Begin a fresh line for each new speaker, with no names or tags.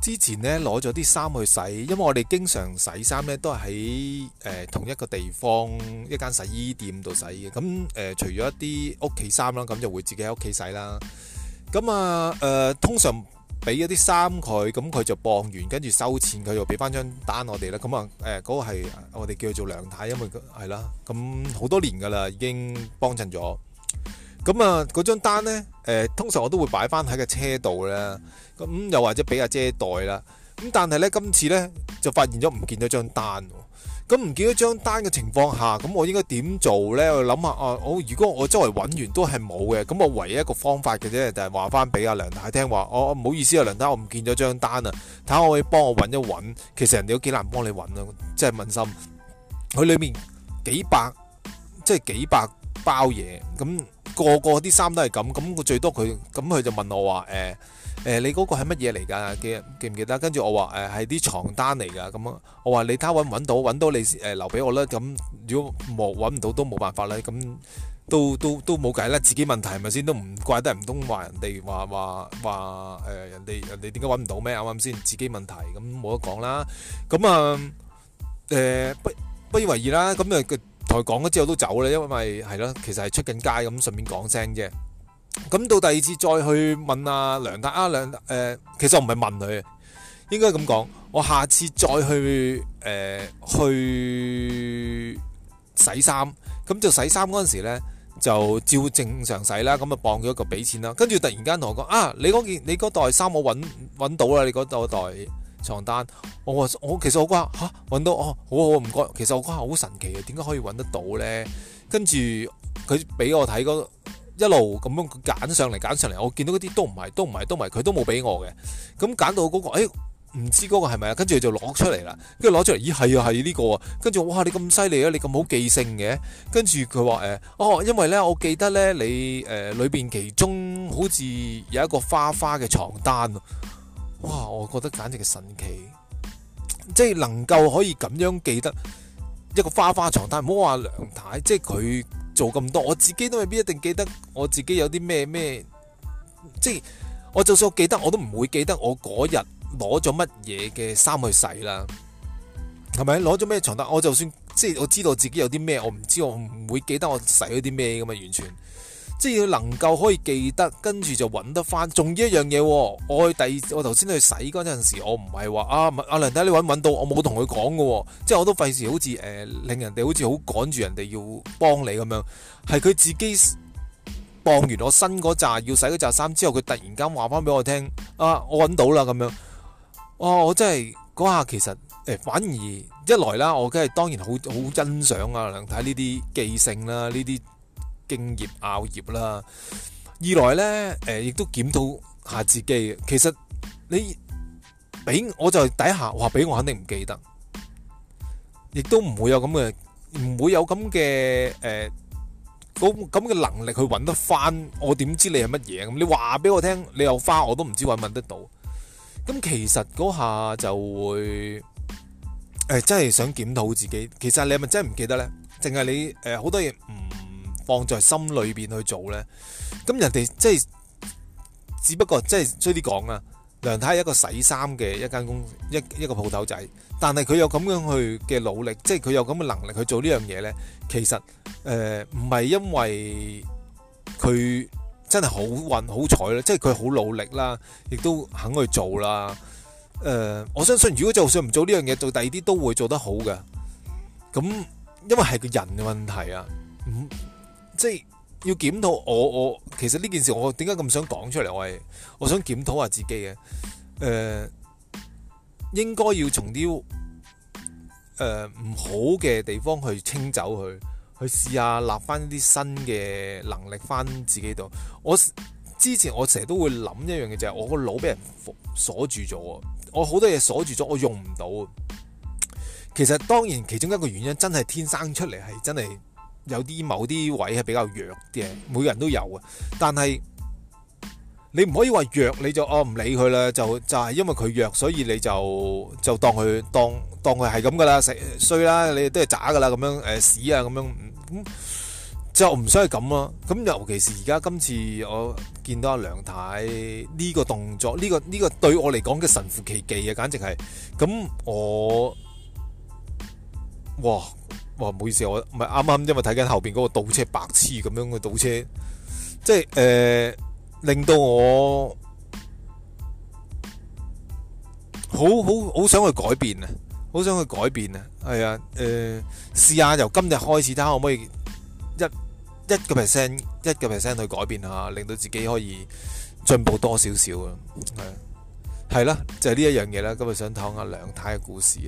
之前呢，攞咗啲衫去洗，因為我哋經常洗衫呢都係喺誒同一個地方一間洗衣店度洗嘅。咁、呃、誒除咗一啲屋企衫啦，咁就會自己喺屋企洗啦。咁啊誒、呃，通常俾一啲衫佢，咁佢就磅完，跟住收錢，佢就俾翻張單我哋啦。咁啊誒，嗰、呃嗰個係我哋叫做梁太，因為係啦，咁好多年噶啦，已經幫襯咗。咁啊，嗰張單呢，誒，通常我都會擺翻喺個車度呢。咁又或者俾阿姐袋啦。咁但係呢，今次呢，就發現咗唔見咗張單。咁唔見咗張單嘅情況下，咁我應該點做呢？我諗下啊，我如果我周圍揾完都係冇嘅，咁我唯一一個方法嘅啫，就係話翻俾阿梁太聽話。我唔、哦、好意思啊，梁太，我唔見咗張單啊。睇下我可以幫我揾一揾？其實人哋都幾難幫你揾啊，即係問心佢裏面幾百即係幾百包嘢咁，個個啲衫都係咁，咁佢最多佢咁佢就問我話，誒、欸、誒、欸，你嗰個係乜嘢嚟噶？記記唔記得？跟住我話，誒、欸，係啲床單嚟噶。咁我話你睇下搵唔搵到，搵到，你誒、欸、留俾我啦。咁如果冇搵唔到都冇辦法啦。咁都都都冇計啦，自己問題係咪先？都唔怪得唔通話人哋話話話誒，人哋人哋點解搵唔到咩？啱啱先？自己問題咁冇得講啦。咁啊，誒、呃呃、不不以為意啦。咁啊台講咗之後都走啦，因為咪係咯，其實係出緊街咁，順便講聲啫。咁到第二次再去問阿梁太，啊梁太，誒、啊呃、其實我唔係問佢，應該咁講，我下次再去誒、呃、去洗衫，咁就洗衫嗰陣時呢，就照正常洗啦。咁啊，傍咗一個俾錢啦，跟住突然間同我講啊，你嗰件你嗰袋衫我揾到啦，你嗰袋，袋。床單，我我其實我話吓，搵到哦，好好唔該，其實我講話好神奇啊，點解可以搵得到咧？跟住佢俾我睇嗰一路咁樣揀上嚟揀上嚟，我見到嗰啲都唔係都唔係都唔係，佢都冇俾我嘅。咁揀到嗰個，誒，唔知嗰個係咪啊？跟住就攞出嚟啦，跟住攞出嚟，咦係啊，係呢個啊！跟住哇，你咁犀利啊，你咁好記性嘅。跟住佢話，誒，哦因為咧，我記得咧，你誒，裏邊其中好似有一個花花嘅床單哇！我覺得簡直嘅神奇，即係能夠可以咁樣記得一個花花床單，唔好話梁太，即係佢做咁多，我自己都未必一定記得我自己有啲咩咩，即係我就算我記得我都唔會記得我嗰日攞咗乜嘢嘅衫去洗啦，係咪攞咗咩床單？我就算即係我知道自己有啲咩，我唔知我唔會記得我洗咗啲咩咁啊完全。即係能夠可以記得，跟住就揾得翻。仲有一樣嘢，我去第，我頭先去洗嗰陣時，我唔係話啊，阿梁太，你揾唔揾到，我冇同佢講嘅。即係我都費事好似誒、呃、令人哋好似好趕住人哋要幫你咁樣，係佢自己放完我身嗰扎要洗嗰扎衫之後，佢突然間話翻俾我聽，啊我揾到啦咁樣。我、啊、我真係嗰下其實誒、欸、反而一來啦，我梗係當然好好欣賞啊梁太呢啲記性啦呢啲。敬業拗業啦，二來咧，誒、呃，亦都檢討下自己。其實你俾我就係底下話俾我，肯定唔記得，亦都唔會有咁嘅，唔會有咁嘅，誒、呃，咁嘅能力去搵得翻。我點知你係乜嘢？咁你話俾我聽，你有花，我都唔知搵唔搵得到。咁其實嗰下就會，誒、呃，真係想檢討自己。其實你係咪真係唔記得咧？淨係你，誒、呃，好多嘢唔。放在心裏邊去做呢。咁人哋即係只不過即係衰啲講啊。梁太係一個洗衫嘅一間公一一個鋪頭仔，但係佢有咁樣去嘅努力，即係佢有咁嘅能力去做呢樣嘢呢。其實誒唔係因為佢真係好運好彩啦，即係佢好努力啦，亦都肯去做啦。誒、呃，我相信如果就算唔做呢樣嘢，做第二啲都會做得好嘅。咁因為係個人嘅問題啊，嗯。即係要檢討我，我其實呢件事我點解咁想講出嚟？我係我想檢討下自己嘅，誒、呃，應該要從啲誒唔好嘅地方去清走佢，去去試下立翻啲新嘅能力翻自己度。我之前我成日都會諗一樣嘅，就係、是、我個腦俾人鎖住咗，我好多嘢鎖住咗，我用唔到。其實當然其中一個原因真係天生出嚟係真係。有啲某啲位係比較弱嘅，每人都有啊。但係你唔可以話弱，你就哦唔理佢啦，就就係、是、因為佢弱，所以你就就當佢當當佢係咁噶啦，衰啦，你都係渣噶啦，咁樣誒、呃、屎啊，咁樣咁就唔需係咁咯。咁尤其是而家今次我見到阿梁太呢個動作，呢、這個呢、這個對我嚟講嘅神乎其技啊，簡直係咁我哇！哇，唔好意思，我唔係啱啱，因為睇緊後邊嗰個倒車白痴咁樣嘅倒車，即係、呃、令到我好好好想去改變啊，好想去改變，去改變啊，係啊，誒，試下由今日開始睇下可唔可以一一個 percent，一個 percent 去改變下，令到自己可以進步多少少啊，係，係啦，就係呢一樣嘢啦，今日想講下梁太嘅故事。